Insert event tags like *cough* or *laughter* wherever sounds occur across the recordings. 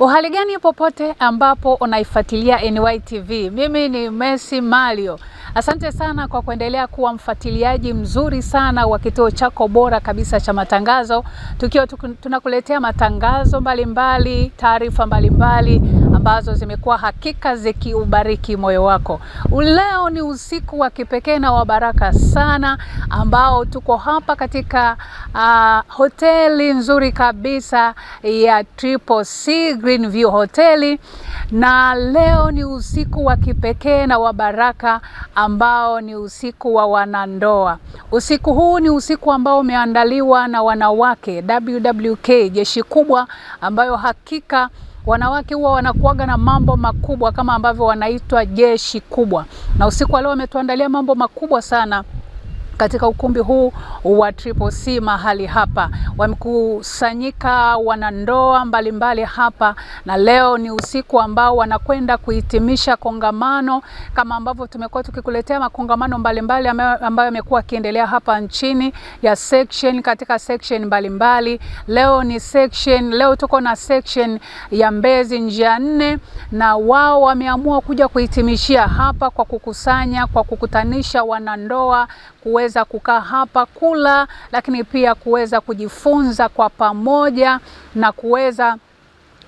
Uhali gani popote ambapo unaifuatilia NY TV. Mimi ni Messi Mario. Asante sana kwa kuendelea kuwa mfuatiliaji mzuri sana wa kituo chako bora kabisa cha matangazo, tukiwa tunakuletea matangazo mbalimbali, taarifa mbalimbali ambazo zimekuwa hakika zikiubariki moyo wako. Leo ni usiku wa kipekee na wa baraka sana ambao tuko hapa katika uh, hoteli nzuri kabisa ya Triple C View hoteli, na leo ni usiku wa kipekee na wa baraka ambao ni usiku wa wanandoa. Usiku huu ni usiku ambao umeandaliwa na wanawake WWK, jeshi kubwa ambayo hakika Wanawake huwa wanakuaga na mambo makubwa kama ambavyo wanaitwa jeshi kubwa, na usiku wa leo wametuandalia mambo makubwa sana katika ukumbi huu wa Triple C mahali hapa. Wamekusanyika wanandoa mbalimbali hapa, na leo ni usiku ambao wanakwenda kuhitimisha kongamano, kama ambavyo tumekuwa tukikuletea makongamano mbalimbali ambayo yamekuwa yakiendelea hapa nchini ya section, katika section mbalimbali mbali. Leo ni section, leo tuko na section ya Mbezi njia nne, na wao wameamua kuja kuhitimishia hapa kwa kukusanya, kwa kukutanisha wanandoa kuweza kukaa hapa kula, lakini pia kuweza kujifunza kwa pamoja na kuweza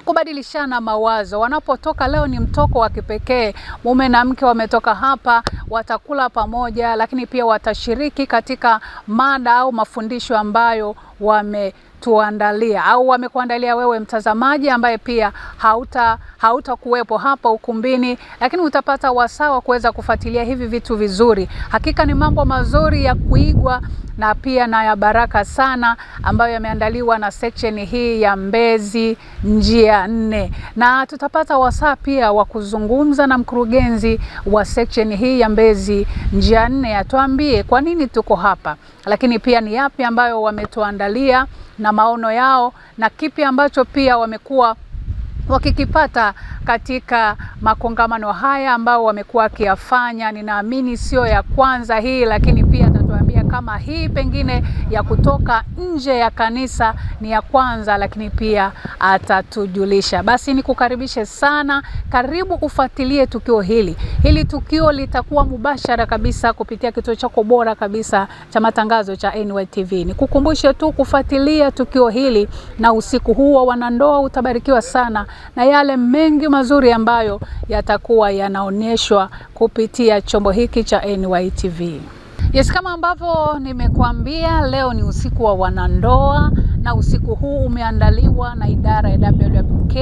kubadilishana mawazo. Wanapotoka leo ni mtoko wa kipekee. Mume na mke wametoka hapa, watakula pamoja, lakini pia watashiriki katika mada au mafundisho ambayo wame wametuandalia au wamekuandalia wewe mtazamaji ambaye pia hauta hautakuwepo hapa ukumbini, lakini utapata wasaa wa kuweza kufuatilia hivi vitu vizuri. Hakika ni mambo mazuri ya kuigwa na pia na ya baraka sana ambayo yameandaliwa na section hii ya Mbezi njia nne, na tutapata wasaa pia wa kuzungumza na mkurugenzi wa section hii ya Mbezi njia nne, atuambie kwa nini tuko hapa, lakini pia ni yapi ambayo wametuandalia na maono yao na kipi ambacho pia wamekuwa wakikipata katika makongamano haya ambao wamekuwa wakiyafanya. Ninaamini sio ya kwanza hii, lakini pia kutuambia kama hii pengine ya kutoka nje ya kanisa ni ya kwanza, lakini pia atatujulisha. Basi nikukaribishe sana, karibu ufuatilie tukio hili. Hili tukio litakuwa mubashara kabisa kupitia kituo chako bora kabisa cha matangazo cha NYTV. Nikukumbushe tu kufuatilia tukio hili, na usiku huo wanandoa utabarikiwa sana na yale mengi mazuri ambayo yatakuwa yanaonyeshwa kupitia chombo hiki cha NYTV. Yes, kama ambavyo nimekuambia leo ni usiku wa wanandoa na usiku huu umeandaliwa na idara ya WWK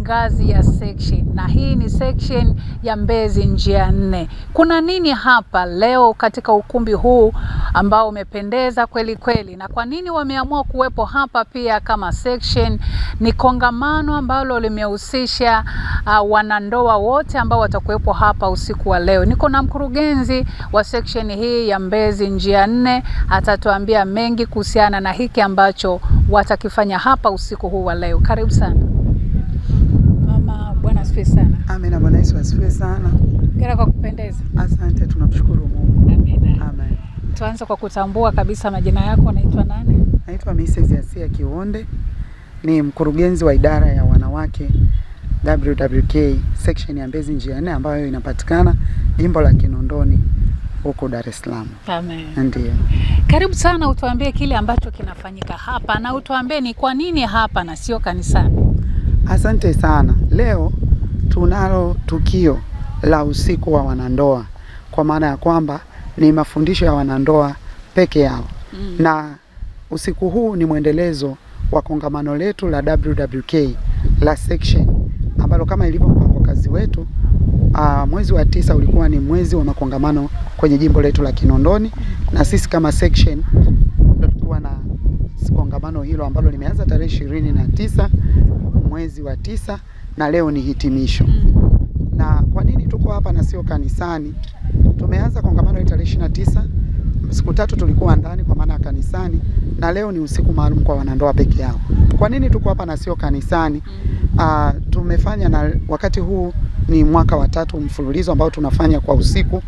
ngazi ya section, na hii ni section ya Mbezi njia nne. Kuna nini hapa leo katika ukumbi huu ambao umependeza kweli kweli, na kwa nini wameamua kuwepo hapa pia kama section? Ni kongamano ambalo limehusisha uh, wanandoa wote ambao watakuwepo hapa usiku wa leo. Niko na mkurugenzi wa section hii ya Mbezi njia nne, atatuambia mengi kuhusiana na hiki ambacho watakifanya hapa usiku huu wa leo. Karibu sana mama. Bwana asifiwe sana. Amina. Bwana Yesu asifiwe sana. Hongera kwa kupendeza. Asante, tunamshukuru Mungu. Amina. Amen. Tuanze kwa kutambua kabisa majina yako, naitwa nani? Naitwa Mrs. Asia Kionde, ni mkurugenzi wa idara ya wanawake WWK section ya Mbezi njia nne ambayo inapatikana jimbo la Kinondoni huko Dar es Salaam. Amen. Ndio. Karibu sana, utuambie kile ambacho kinafanyika hapa na utuambie ni kwa nini hapa na sio kanisani. Asante sana. Leo tunalo tukio la usiku wa wanandoa, kwa maana ya kwamba ni mafundisho ya wanandoa peke yao mm. na usiku huu ni mwendelezo wa kongamano letu la WWK la section ambalo kama ilivyo mpango kazi wetu Uh, mwezi wa tisa ulikuwa ni mwezi wa makongamano kwenye jimbo letu la Kinondoni na sisi kama section tulikuwa na kongamano hilo ambalo limeanza tarehe ishirini na tisa mwezi wa tisa na leo ni hitimisho. Na kwa nini tuko hapa na sio kanisani? Tumeanza kongamano hili tarehe ishirini na tisa siku tatu tulikuwa ndani kwa maana ya kanisani, na leo ni usiku maalum kwa wanandoa peke yao. Kwa nini tuko hapa na sio kanisani? Uh, tumefanya na wakati huu ni mwaka wa tatu mfululizo ambao tunafanya kwa usiku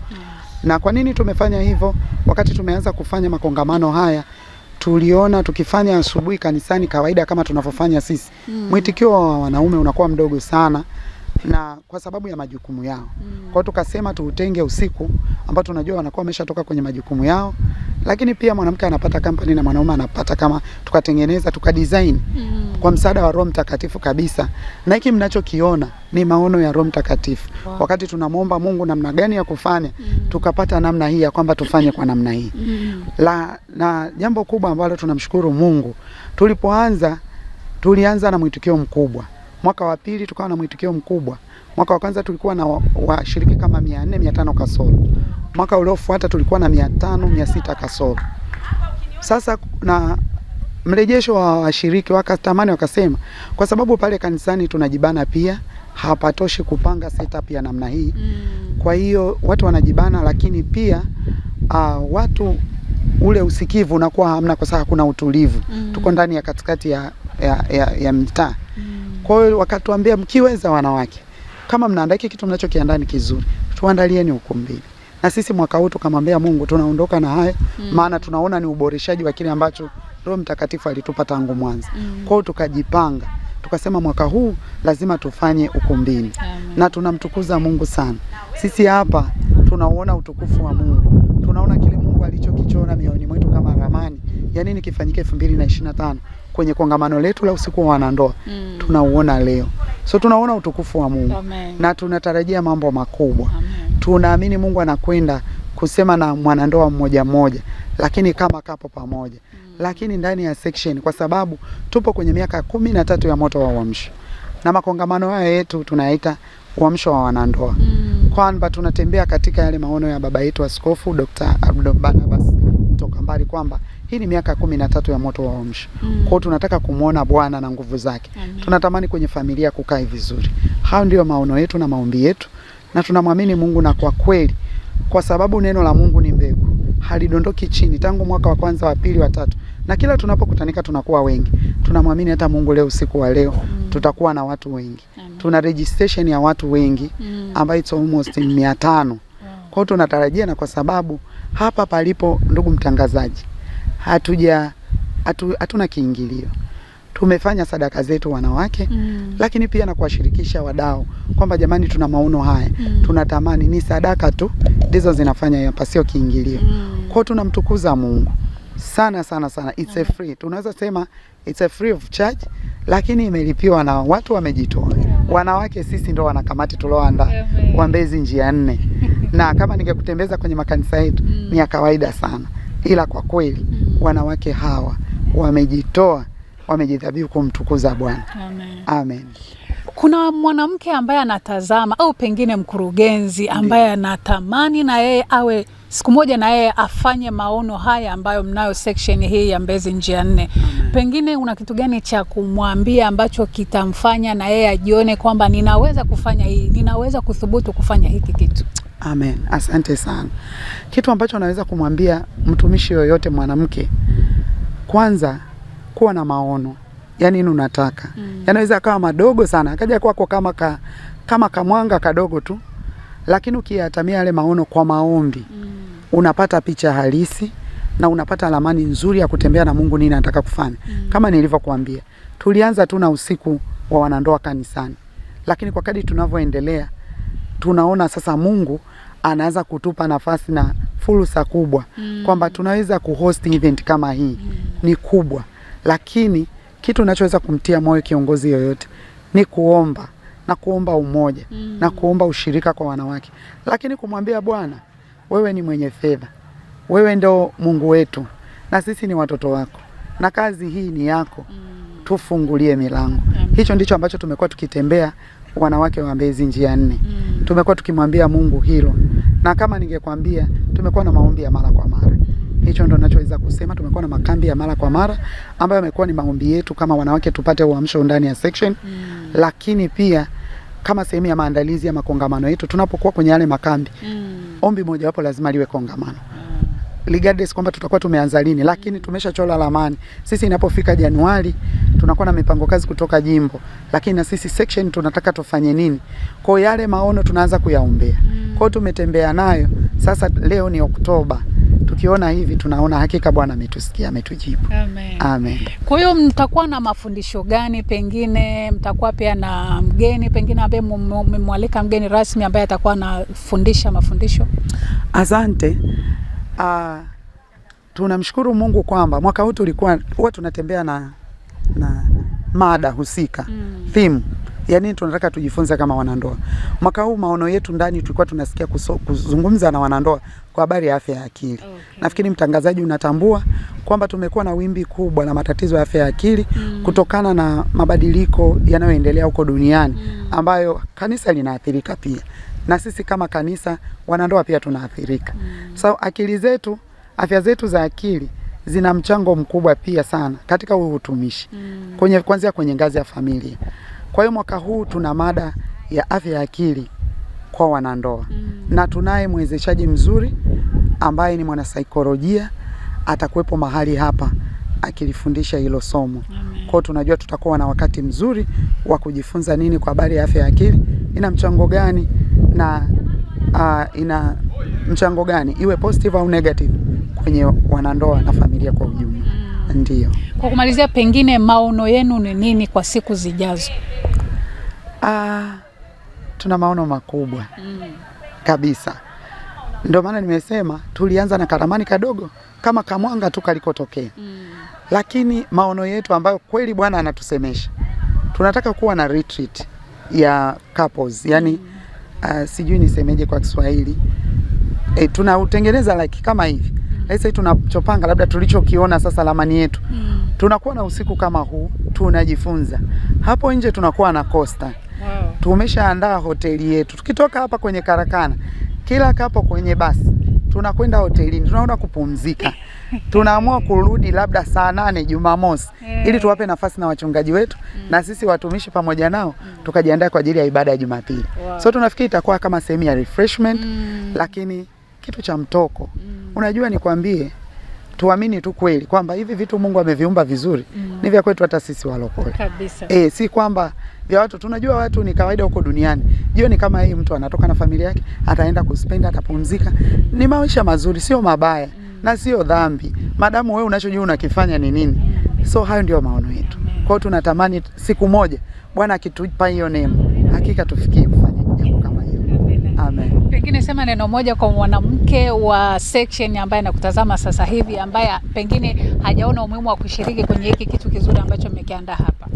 Na kwa nini tumefanya hivyo? Wakati tumeanza kufanya makongamano haya tuliona tukifanya asubuhi kanisani kawaida kama tunavyofanya sisi mm. mwitikio wa wanaume unakuwa mdogo sana na kwa sababu ya majukumu yao mm. Kwa tukasema tuutenge usiku ambao tunajua wanakuwa wameshatoka kwenye majukumu yao lakini pia mwanamke anapata kampani na mwanaume anapata kama tukatengeneza tukadesign mm. kwa msaada wa Roho Mtakatifu kabisa, na hiki mnachokiona ni maono ya Roho Mtakatifu wow. wakati tunamwomba Mungu namna gani ya kufanya mm. tukapata namna hii ya kwamba tufanye kwa namna hii mm. La, na jambo kubwa ambalo tunamshukuru Mungu, tulipoanza tulianza na mwitikio mkubwa mwaka wa pili tukawa na mwitikio mkubwa. Mwaka wa kwanza tulikuwa na washiriki wa kama 400 500 kasoro mwaka uliofuata tulikuwa na mia tano mia sita kasoro. Sasa na mrejesho wa washiriki wakatamani, wakasema kwa sababu pale kanisani tunajibana pia hapatoshi kupanga setup ya namna hii mm. Kwa hiyo watu wanajibana, lakini pia uh, watu ule usikivu unakuwa hamna, kwa sababu hakuna utulivu mm. Tuko ndani ya katikati ya, ya, ya, ya mtaa mm. Kwa hiyo wakatuambia, mkiweza wanawake, kama mnaandaa hiki kitu mnachokiandaa ni kizuri, tuandalieni ukumbini na sisi mwaka huu tukamwambia Mungu tunaondoka na haya mm. maana tunaona ni uboreshaji wa kile ambacho Roho Mtakatifu alitupa tangu mwanzo mm. kwa tukajipanga tukasema mwaka huu lazima tufanye ukumbini Amen. na tunamtukuza Mungu sana sisi hapa tunauona utukufu wa Mungu tunaona kile Mungu alichokichora mioyoni mwetu kama ramani ya nini kifanyike 2025 kwenye kongamano letu la usiku wa wanandoa mm. tunauona leo so tunaona utukufu wa Mungu Amen. na tunatarajia mambo makubwa Amen tunaamini Mungu anakwenda kusema na mwanandoa mmoja mmoja, lakini kama kapo pamoja mm. Lakini ndani ya section, kwa sababu tupo kwenye miaka kumi na tatu ya moto wa uamsho na makongamano haya yetu tunayaita uamsho wa wanandoa mm. kwamba tunatembea katika yale maono ya baba yetu Askofu Dr. Barnabas mbali kwamba hii ni miaka kumi na tatu ya moto wa uamsho mm. kwao tunataka kumwona Bwana na nguvu zake. Amen. Tunatamani kwenye familia kukae vizuri. Hayo ndiyo maono yetu na maombi yetu na tunamwamini Mungu na kwa kweli, kwa sababu neno la Mungu ni mbegu, halidondoki chini tangu mwaka wa kwanza, wa pili, wa tatu, na kila tunapokutanika tunakuwa wengi. Tunamwamini hata Mungu leo, usiku wa leo mm. tutakuwa na watu wengi Amen. Tuna registration ya watu wengi mm. ambayo it's almost 500 Kwa hiyo tunatarajia, na kwa sababu hapa palipo, ndugu mtangazaji, hatuja hatu, hatuna kiingilio tumefanya sadaka zetu wanawake mm. Lakini pia na kuwashirikisha wadau kwamba jamani, tuna maono haya mm. Tunatamani ni sadaka tu ndizo zinafanya hapa, sio kiingilio mm. Kwao tunamtukuza Mungu sana sana sana, it's a mm. free, tunaweza sema it's a free of charge, lakini imelipiwa na watu wamejitoa. Wanawake sisi ndio wanakamati tulioandaa wa Mbezi njia nne *laughs* na kama ningekutembeza kwenye makanisa yetu mm. ni ya kawaida sana, ila kwa kweli mm. wanawake hawa wamejitoa wamejidhabihu kumtukuza Bwana. Amen. Amen. Kuna mwanamke ambaye anatazama au pengine mkurugenzi ambaye anatamani na yeye awe siku moja na yeye afanye maono haya ambayo mnayo section hii ya Mbezi njia nne. Pengine una kitu gani cha kumwambia ambacho kitamfanya na yeye ajione kwamba ninaweza kufanya hii, ninaweza kuthubutu kufanya hiki kitu? Amen. Asante sana. Kitu ambacho naweza kumwambia mtumishi yoyote mwanamke, kwanza kuwa na maono, yani nini unataka mm. yanaweza kawa madogo sana akaja kwako kama ka, kama kamwanga kadogo tu, lakini ukiyatamia yale maono kwa maombi mm. unapata picha halisi na unapata ramani nzuri ya kutembea na Mungu nini anataka kufanya mm. kama nilivyokuambia, tulianza tu na usiku wa wanandoa kanisani, lakini kwa kadri tunavyoendelea tunaona sasa Mungu anaanza kutupa nafasi na fursa kubwa mm. kwamba tunaweza kuhost event kama hii mm. ni kubwa mm lakini kitu nachoweza kumtia moyo kiongozi yoyote ni kuomba na kuomba umoja mm. na kuomba ushirika kwa wanawake, lakini kumwambia Bwana, wewe ni mwenye fedha, wewe ndo Mungu wetu na sisi ni watoto wako na kazi hii ni yako mm. tufungulie milango mm. hicho ndicho ambacho tumekuwa tukitembea wanawake wa Mbezi njia nne mm. tumekuwa tukimwambia Mungu hilo, na kama ningekwambia tumekuwa na maombi ya mara kwa mara Hicho ndo ninachoweza kusema. Tumekuwa na makambi ya mara kwa mara ambayo yamekuwa ni maombi yetu kama wanawake tupate uamsho ndani ya section mm. lakini pia kama sehemu ya maandalizi ya makongamano yetu tunapokuwa kwenye yale makambi mm. ombi moja wapo lazima liwe kongamano mm. regardless kwamba tutakuwa tumeanza lini, lakini tumeshachora ramani. Sisi inapofika Januari tunakuwa na mipango kazi kutoka jimbo, lakini na sisi section tunataka tufanye nini. Kwa yale maono tunaanza kuyaombea. Mm. Kwa hiyo tumetembea nayo sasa, leo ni Oktoba tukiona hivi tunaona hakika Bwana ametusikia ametujibu. Amen. Amen. Kwa hiyo mtakuwa na mafundisho gani? Pengine mtakuwa pia na mgeni pengine ambaye mmemwalika mgeni rasmi ambaye atakuwa anafundisha mafundisho? Asante. Uh, tunamshukuru Mungu kwamba mwaka huu tulikuwa huwa tunatembea na na mada husika mm. theme ya nini tunataka tujifunze kama wanandoa. Mwaka huu maono yetu ndani tulikuwa tunasikia kuzungumza na wanandoa kwa habari ya afya ya akili. Okay. Nafikiri mtangazaji unatambua kwamba tumekuwa na wimbi kubwa la matatizo ya afya ya akili mm. kutokana na mabadiliko yanayoendelea huko duniani mm. ambayo kanisa linaathirika pia. Na sisi kama kanisa wanandoa pia tunaathirika. Mm. So akili zetu, afya zetu za akili zina mchango mkubwa pia sana katika huu utumishi. Mm. Kwenye kuanzia kwenye ngazi ya familia. Kwa hiyo mwaka huu tuna mada ya afya ya akili kwa wanandoa mm. na tunaye mwezeshaji mzuri ambaye ni mwanasaikolojia atakuwepo mahali hapa akilifundisha hilo somo. Kwao tunajua tutakuwa na wakati mzuri wa kujifunza nini kwa habari ya afya ya akili, ina mchango gani na uh, ina mchango gani iwe positive au negative kwenye wanandoa na familia kwa ujumla. Ndiyo. Kwa kumalizia, pengine maono yenu ni nini kwa siku zijazo? Ah, tuna maono makubwa mm. kabisa. Ndio maana nimesema tulianza na karamani kadogo kama kamwanga tu kalikotokea mm. lakini maono yetu ambayo kweli Bwana anatusemesha tunataka kuwa na retreat ya couples yani mm. Uh, ah, sijui nisemeje kwa Kiswahili e, eh, tunautengeneza like kama hivi sasa tunachopanga labda tulichokiona sasa ramani yetu mm. tunakuwa na usiku kama huu tunajifunza hapo nje, tunakuwa na kosta wow. Tumeshaandaa hoteli yetu, tukitoka hapa kwenye karakana, kila kapo kwenye basi tunakwenda hotelini, tunaona kupumzika, *laughs* tunaamua kurudi labda saa nane Jumamosi yeah. Hmm. ili tuwape nafasi na wachungaji wetu mm. na sisi watumishi pamoja nao mm. tukajiandaa kwa ajili ya ibada ya Jumapili wow. so tunafikiri itakuwa kama sehemu ya refreshment mm. lakini kitu cha mtoko mm. Unajua, nikwambie tuamini tu kweli kwamba hivi vitu Mungu ameviumba vizuri mm. Ni vya kwetu hata sisi walokole kabisa. E, si kwamba vya watu. Tunajua watu ni kawaida huko duniani, jioni kama hii mtu anatoka na familia yake, ataenda kuspenda, atapumzika. Ni maisha mazuri, sio mabaya mm. na sio dhambi, madamu wewe unachojua unakifanya ni nini. Mm. So hayo ndio maono yetu. Kwa hiyo tunatamani siku moja Bwana akitupa hiyo neema, hakika tufikie pengine nisema neno moja kwa mwanamke wa section ambaye anakutazama sasa hivi ambaye pengine hajaona umuhimu wa kushiriki kwenye hiki kitu kizuri ambacho mmekiandaa hapa?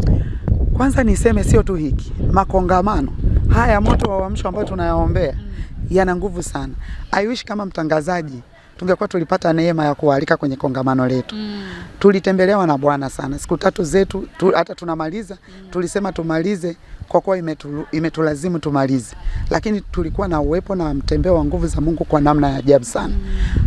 Kwanza niseme sio tu hiki makongamano haya, moto wa uamsho ambayo tunayaombea mm, yana nguvu sana. I wish kama mtangazaji tungekuwa tulipata neema ya kualika kwenye kongamano letu mm. Tulitembelewa na Bwana sana siku tatu zetu tu, hata tunamaliza mm, tulisema tumalize kwa kuwa imetu, imetulazimu tumalize, lakini tulikuwa na uwepo na mtembeo wa nguvu za Mungu kwa namna ya ajabu sana.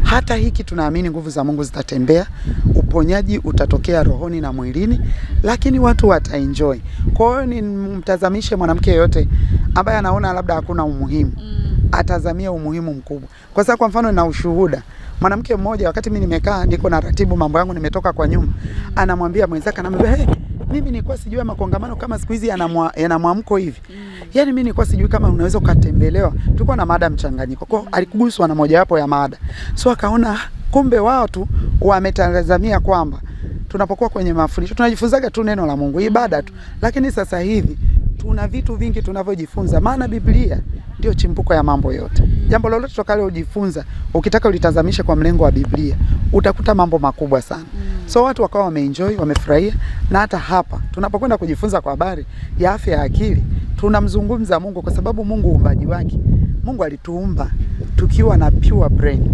Hata hiki tunaamini nguvu za Mungu zitatembea, uponyaji utatokea rohoni na mwilini, lakini watu wataenjoy. Kwa hiyo ni mtazamishe mwanamke yeyote ambaye anaona labda hakuna umuhimu mm. atazamia umuhimu mkubwa. Kwa sababu kwa mfano na ushuhuda, mwanamke mmoja wakati mimi nimekaa niko na ratibu mambo yangu, nimetoka kwa nyuma, mm. anamwambia mwenzake, anamwambia hey, mimi nilikuwa sijui makongamano kama siku hizi yana mwamko hivi mm. Yani mimi nilikuwa sijui kama unaweza ukatembelewa. Tulikuwa na mada mchanganyiko, kwa alikuguswa na mojawapo ya mada, so akaona kumbe wao tu wametazamia kwamba tunapokuwa kwenye mafundisho tunajifunzaga tu neno la Mungu, ibada tu, lakini sasa hivi tuna vitu vingi tunavyojifunza, maana Biblia ndio chimbuko ya mambo yote. Jambo lolote utakalojifunza ukitaka ulitazamisha kwa mlengo wa Biblia utakuta mambo makubwa sana. Mm. So watu wakawa wameenjoy, wamefurahia na hata hapa tunapokwenda kujifunza kwa habari ya afya ya akili tunamzungumza Mungu kwa sababu Mungu uumbaji wake, Mungu alituumba tukiwa na pure brain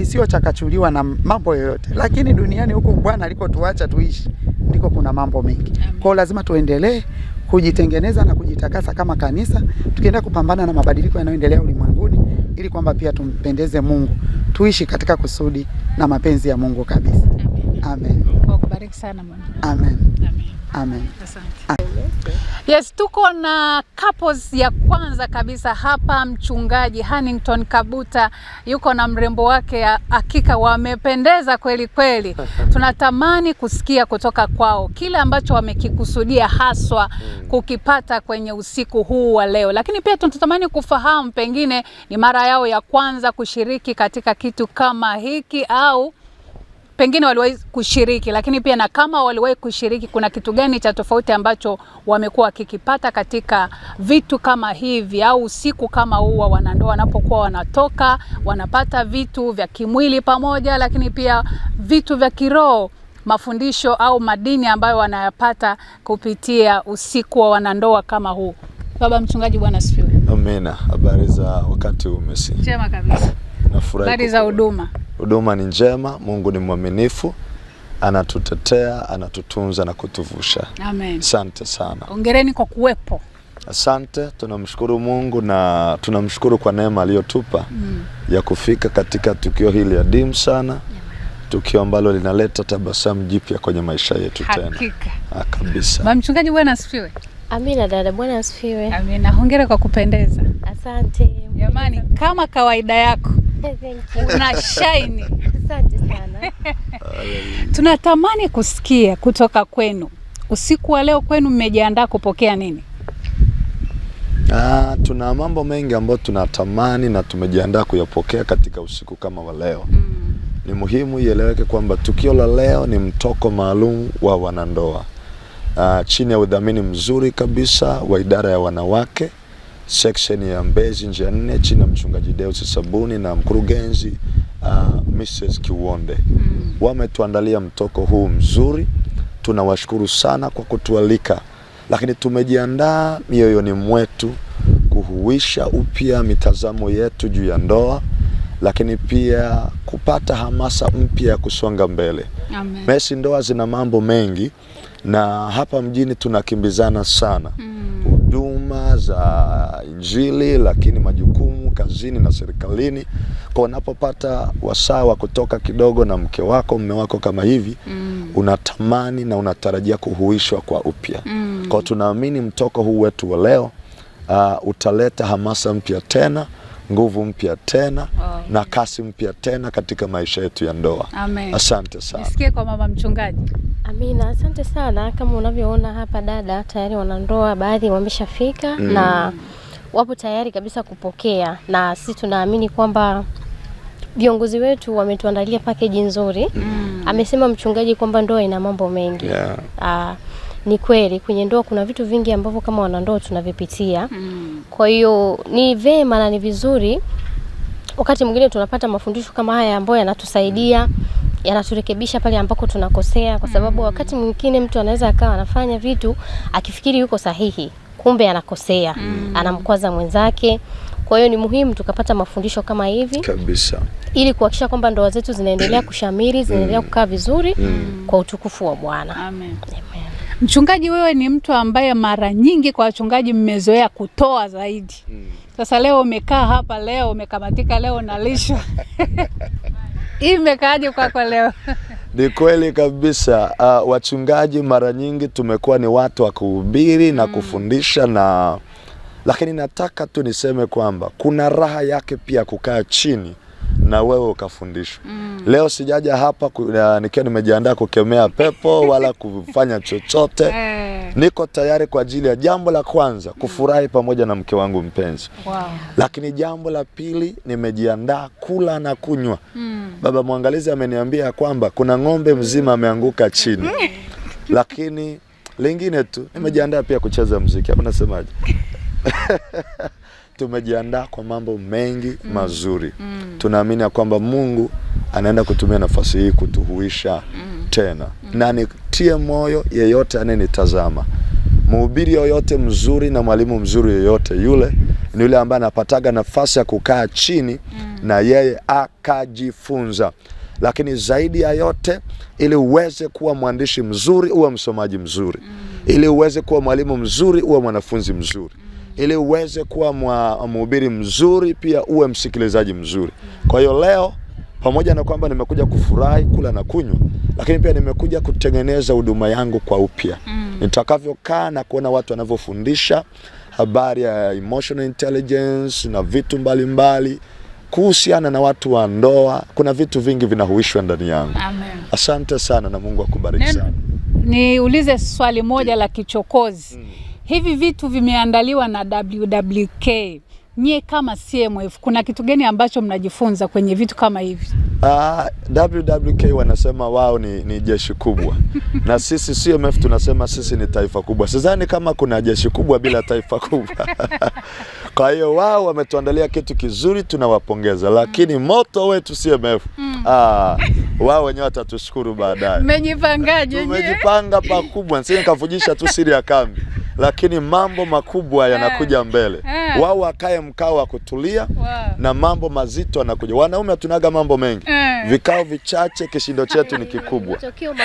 isiyochakachuliwa na mambo yoyote, lakini duniani huko Bwana alikotuacha tuishi ndiko kuna mambo mengi kwao, lazima tuendelee kujitengeneza na kujitakasa kama kanisa, tukienda kupambana na mabadiliko yanayoendelea ulimwenguni, ili kwamba pia tumpendeze Mungu, tuishi katika kusudi na mapenzi ya Mungu kabisa. Amen. Amen. Amen. Amen. Amen. Amen. Yes, tuko na couples ya kwanza kabisa hapa, mchungaji Hannington Kabuta yuko na mrembo wake, hakika wamependeza kweli kweli. *laughs* Tunatamani kusikia kutoka kwao kile ambacho wamekikusudia haswa hmm. kukipata kwenye usiku huu wa leo, lakini pia tunatamani kufahamu pengine ni mara yao ya kwanza kushiriki katika kitu kama hiki au pengine waliwahi kushiriki, lakini pia na kama waliwahi kushiriki, kuna kitu gani cha tofauti ambacho wamekuwa wakikipata katika vitu kama hivi au usiku kama huu wa wanandoa wanapokuwa wanatoka, wanapata vitu vya kimwili pamoja, lakini pia vitu vya kiroho mafundisho au madini ambayo wanayapata kupitia usiku wa wanandoa kama huu. Baba mchungaji, Bwana asifiwe. Amina. Habari za wakati huu Messi? Njema kabisa nafurahi. Habari za huduma? Huduma ni njema, Mungu ni mwaminifu, anatutetea, anatutunza na kutuvusha. Amen. Asante sana. Hongereni kwa kuwepo. Asante, tunamshukuru Mungu na tunamshukuru kwa neema aliyotupa mm. ya kufika katika tukio hili adimu sana tukio ambalo linaleta tabasamu jipya kwenye maisha yetu tena. Hakika. Ah, kabisa. Mama mchungaji, bwana asifiwe. Amina dada, bwana asifiwe. Amina. Hongera kwa kupendeza. Asante. Jamani, kama kawaida yako una shaini. Asante sana. Tunatamani kusikia kutoka kwenu usiku wa leo, kwenu mmejiandaa kupokea nini? Ah, tuna mambo mengi ambayo tunatamani na tumejiandaa kuyapokea katika usiku kama wa leo mm. Ni muhimu ieleweke kwamba tukio la leo ni mtoko maalum wa wanandoa, ah, chini ya udhamini mzuri kabisa wa idara ya wanawake section ya Mbezi njia nne chini ya mchungaji Deus Sabuni na mkurugenzi uh, Mrs. Kiwonde mm. Wametuandalia mtoko huu mzuri, tunawashukuru sana kwa kutualika, lakini tumejiandaa mioyoni mwetu kuhuisha upya mitazamo yetu juu ya ndoa lakini pia kupata hamasa mpya ya kusonga mbele. Amen. Mesi, ndoa zina mambo mengi na hapa mjini tunakimbizana sana mm za Injili, lakini majukumu kazini na serikalini, kwa unapopata wasaa wa kutoka kidogo na mke wako mme wako kama hivi mm. unatamani na unatarajia kuhuishwa kwa upya mm. Kwa tunaamini mtoko huu wetu wa leo uh, utaleta hamasa mpya tena nguvu mpya tena oh, na kasi mpya tena katika maisha yetu ya ndoa. Amen. Asante sana. Nisikie kwa mama mchungaji. Amina, asante sana. Kama unavyoona hapa, dada tayari wanandoa baadhi wameshafika mm, na wapo tayari kabisa kupokea, na sisi tunaamini kwamba viongozi wetu wametuandalia package nzuri mm. Amesema mchungaji kwamba ndoa ina mambo mengi yeah. Ah, ni kweli kwenye ndoa kuna vitu vingi ambavyo kama wanandoa tunavipitia. Mm. Kwa hiyo ni vema na ni vizuri wakati mwingine tunapata mafundisho kama haya ambayo yanatusaidia yanaturekebisha pale ambako tunakosea, kwa sababu hmm. wakati mwingine mtu anaweza akawa anafanya vitu akifikiri yuko sahihi, kumbe anakosea. Mm. Anamkwaza mwenzake. Kwa hiyo ni muhimu tukapata mafundisho kama hivi kabisa, ili kuhakikisha kwamba ndoa zetu zinaendelea kushamiri, zinaendelea hmm. kukaa vizuri mm. kwa utukufu wa Bwana. Amen. Mchungaji, wewe ni mtu ambaye mara nyingi kwa wachungaji mmezoea kutoa zaidi. Hmm. Sasa leo umekaa hapa, leo umekamatika, leo unalisha *laughs* hii imekaaje kwako leo? *laughs* Ni kweli kabisa. Uh, wachungaji mara nyingi tumekuwa ni watu wa kuhubiri na hmm. kufundisha na, lakini nataka tu niseme kwamba kuna raha yake pia kukaa chini na wewe ukafundishwa. mm. Leo sijaja hapa nikiwa nimejiandaa kukemea pepo *laughs* wala kufanya chochote eh. Niko tayari kwa ajili ya jambo la kwanza kufurahi pamoja na mke wangu mpenzi. wow. Lakini jambo la pili nimejiandaa kula na kunywa. mm. Baba mwangalizi ameniambia kwamba kuna ng'ombe mzima ameanguka chini mm. *laughs* lakini lingine tu nimejiandaa pia kucheza mziki. Hapo *laughs* tumejiandaa kwa mambo mengi mm. mazuri mm. tunaamini ya kwamba Mungu anaenda kutumia nafasi hii kutuhuisha mm. tena mm. na nitie moyo yeyote anayenitazama, mhubiri yoyote mzuri na mwalimu mzuri yoyote yule ni yule ambaye anapataga nafasi ya kukaa chini mm. na yeye akajifunza, lakini zaidi ya yote, ili uweze kuwa mwandishi mzuri, uwe msomaji mzuri mm. ili uweze kuwa mwalimu mzuri, uwe mwanafunzi mzuri mm ili uweze kuwa mhubiri mzuri, pia uwe msikilizaji mzuri. Kwa hiyo leo, pamoja na kwamba nimekuja kufurahi, kula na kunywa, lakini pia nimekuja kutengeneza huduma yangu kwa upya mm. nitakavyokaa na kuona watu wanavyofundisha habari ya emotional intelligence na vitu mbalimbali kuhusiana na watu wa ndoa. Kuna vitu vingi vinahuishwa ndani yangu. Amen. Asante sana na Mungu akubariki sana. Niulize swali moja la kichokozi mm hivi vitu vimeandaliwa na WWK. Nyie kama CMF kuna kitu gani ambacho mnajifunza kwenye vitu kama hivi? Uh, ah, WWK wanasema wao ni, ni jeshi kubwa *laughs* na sisi CMF tunasema sisi ni taifa kubwa. Sidhani kama kuna jeshi kubwa bila taifa kubwa *laughs* kwa hiyo wao wametuandalia kitu kizuri, tunawapongeza, lakini moto wetu CMF mm. Ah, wao wenyewe watatushukuru baadaye. Mmejipangaje? Tumejipanga pakubwa, nisije nikavujisha tu siri ya kambi, lakini mambo makubwa ah. yanakuja mbele. Ah. Wao wakae mkao wa kutulia na mambo mazito yanakuja. Wanaume hatunaga mambo mengi ah. vikao vichache, kishindo chetu ni kikubwa.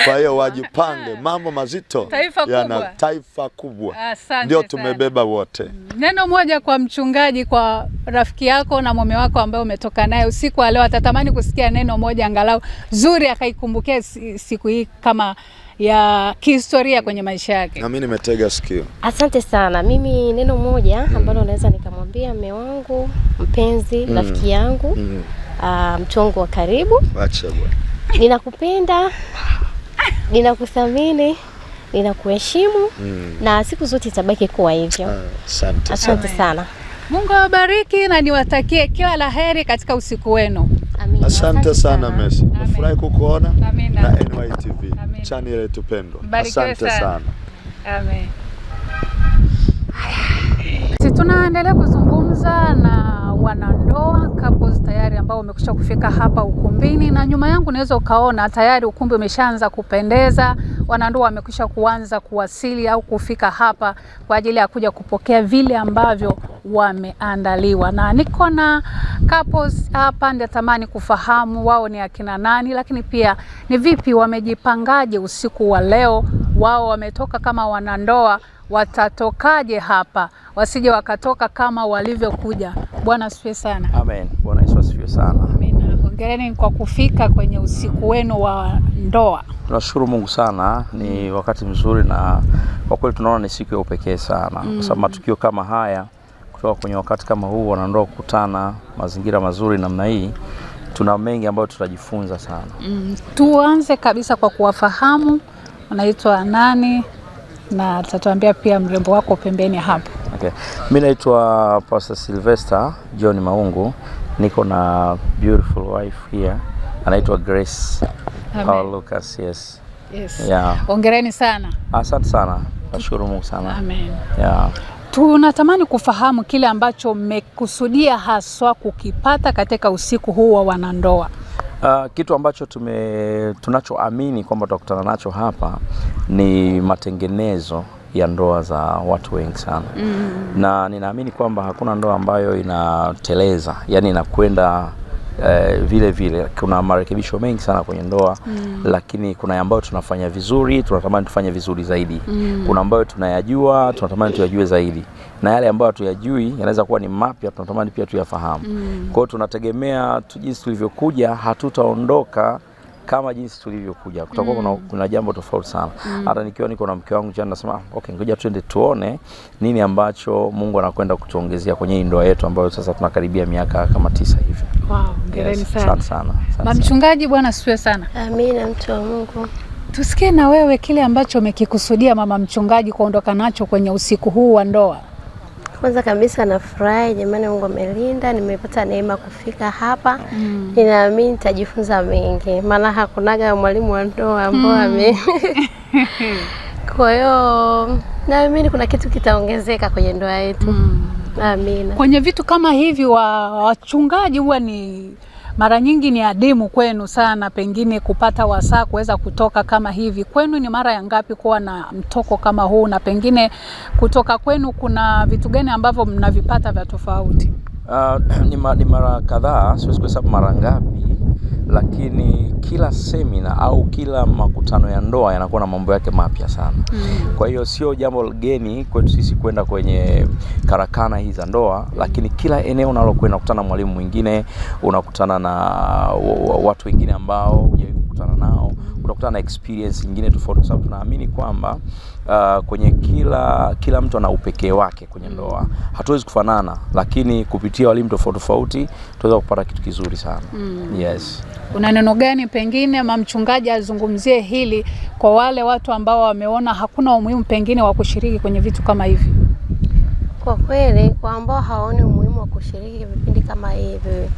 Kwa hiyo wajipange, mambo mazito yana taifa kubwa, ndio tumebeba wote. Neno moja kwa mchungaji, kwa rafiki yako na mume wako ambaye umetoka naye usiku wa leo, atatamani kusikia neno moja moja angalau zuri akaikumbukia siku hii kama ya kihistoria kwenye maisha yake. Na mimi nimetega sikio. Asante sana. Mimi neno moja mm. ambalo naweza nikamwambia mme wangu mpenzi, mm. rafiki mm. yangu mm. uh, ah, mtu wangu wa karibu, acha bwana, ninakupenda, ninakuthamini ninakuheshimu mm. na siku zote itabaki kuwa hivyo. Ah, asante sana. Mungu awabariki na niwatakie kila la heri katika usiku wenu. Amina. Asante sana Messi, Nafurahi kukuona na NYTV channel yetu pendwa, asante sana Amen. Si tunaendelea kuzungumza na wanandoa couples tayari ambao wamekusha kufika hapa ukumbini, na nyuma yangu unaweza ukaona tayari ukumbi umeshaanza kupendeza. Wanandoa wamekwisha kuanza kuwasili au kufika hapa kwa ajili ya kuja kupokea vile ambavyo wameandaliwa, na niko na couples hapa, nitatamani kufahamu wao ni akina nani, lakini pia ni vipi wamejipangaje usiku wa leo. Wao wametoka kama wanandoa, watatokaje hapa, wasije wakatoka kama walivyokuja. Bwana asifiwe sana. Amen. Bwana Yesu asifiwe sana. Amen. Hongereni kwa kufika kwenye usiku mm. wenu wa ndoa. Tunashukuru Mungu sana, ni mm. wakati mzuri na kwa kweli tunaona ni siku ya upekee sana, kwa sababu mm. matukio kama haya kutoka kwenye wakati kama huu wanaondoa kukutana mazingira mazuri namna hii, tuna mengi ambayo tutajifunza sana. Mm, tuanze kabisa kwa kuwafahamu unaitwa nani na tatuambia pia mrembo wako pembeni hapo. Okay. Mi naitwa Pastor Sylvester John Maungu, niko na beautiful wife here anaitwa Grace Paul Lucas. Yes. Yes. Yeah. Ongereni sana. Asante sana. Nashukuru Mungu sana. Amen. Yeah. Tunatamani kufahamu kile ambacho mmekusudia haswa kukipata katika usiku huu wa wanandoa. Uh, kitu ambacho tume tunachoamini kwamba tutakutana nacho hapa ni matengenezo ya ndoa za watu wengi sana mm. Na ninaamini kwamba hakuna ndoa ambayo inateleza, yani inakwenda eh, vile vile kuna marekebisho mengi sana kwenye ndoa mm. Lakini kuna ambayo tunafanya vizuri, tunatamani tufanye vizuri zaidi mm. Kuna ambayo tunayajua, tunatamani tuyajue zaidi, na yale ambayo tuyajui yanaweza kuwa ni mapya, tunatamani pia tuyafahamu mm. Kwa hiyo tunategemea jinsi tulivyokuja, hatutaondoka kama jinsi tulivyokuja, kutakuwa mm. kuna, kuna jambo tofauti sana mm. hata mm. nikiwa niko na mke wangu jana, nasema ah, okay, ngoja twende tuone nini ambacho Mungu anakwenda kutuongezea kwenye ndoa yetu ambayo sasa tunakaribia miaka kama tisa hivi. Wow, yes, sana, sana, sana, sana. Mchungaji, Bwana asifiwe sana. Amina, mtu wa Mungu tusikie na wewe kile ambacho umekikusudia mama mchungaji kuondoka nacho kwenye usiku huu wa ndoa. Kwanza kabisa nafurahi jamani, Mungu amelinda, nimepata neema kufika hapa mm. Ninaamini nitajifunza mengi, maana hakunaga mwalimu wa ndoa ambao mm. ame *laughs* kwa hiyo naamini kuna kitu kitaongezeka kwenye ndoa yetu mm. Amina. Kwenye vitu kama hivi wa wachungaji huwa ni mara nyingi ni adimu kwenu sana, pengine kupata wasaa kuweza kutoka kama hivi. Kwenu ni mara ya ngapi kuwa na mtoko kama huu, na pengine kutoka kwenu kuna vitu gani ambavyo mnavipata vya tofauti? uh, *clears throat* ni, ma, ni mara kadhaa, siwezi kuhesabu mara ngapi, lakini kila semina au kila makutano ya ndoa yanakuwa na mambo yake mapya sana mm. Kwa hiyo sio jambo geni kwetu sisi kwenda kwenye karakana hii za ndoa, lakini kila eneo unalokwenda kukutana na mwalimu mwingine, unakutana na watu wengine ambao hujawahi kukutana nao, unakutana na experience nyingine tofauti, kwa sababu tunaamini kwamba uh, kwenye kila kila mtu ana upekee wake kwenye ndoa, mm. hatuwezi kufanana, lakini kupitia walimu tofauti tofauti tunaweza kupata kitu kizuri sana mm. Yes. Una neno gani pengine ama mchungaji azungumzie hili kwa wale watu ambao wameona hakuna umuhimu pengine wa kushiriki kwenye vitu kama hivi? Kwa kweli, kwa ambao hawaoni umuhimu wa kushiriki vipindi kama hivi,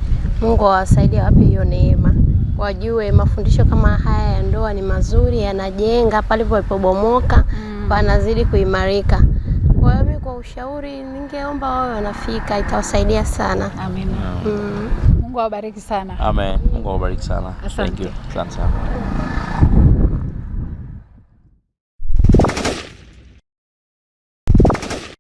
Mungu awasaidie, wapi hiyo neema, wajue mafundisho kama haya ya ndoa ni mazuri, yanajenga pale palipobomoka mm wanazidi kuimarika. Kwa hiyo mimi kwa ushauri ningeomba wao wanafika, itawasaidia sana. Amen. Mm. Mungu awabariki sana. Amen. Mungu awabariki sana. Thank you. Asante sana.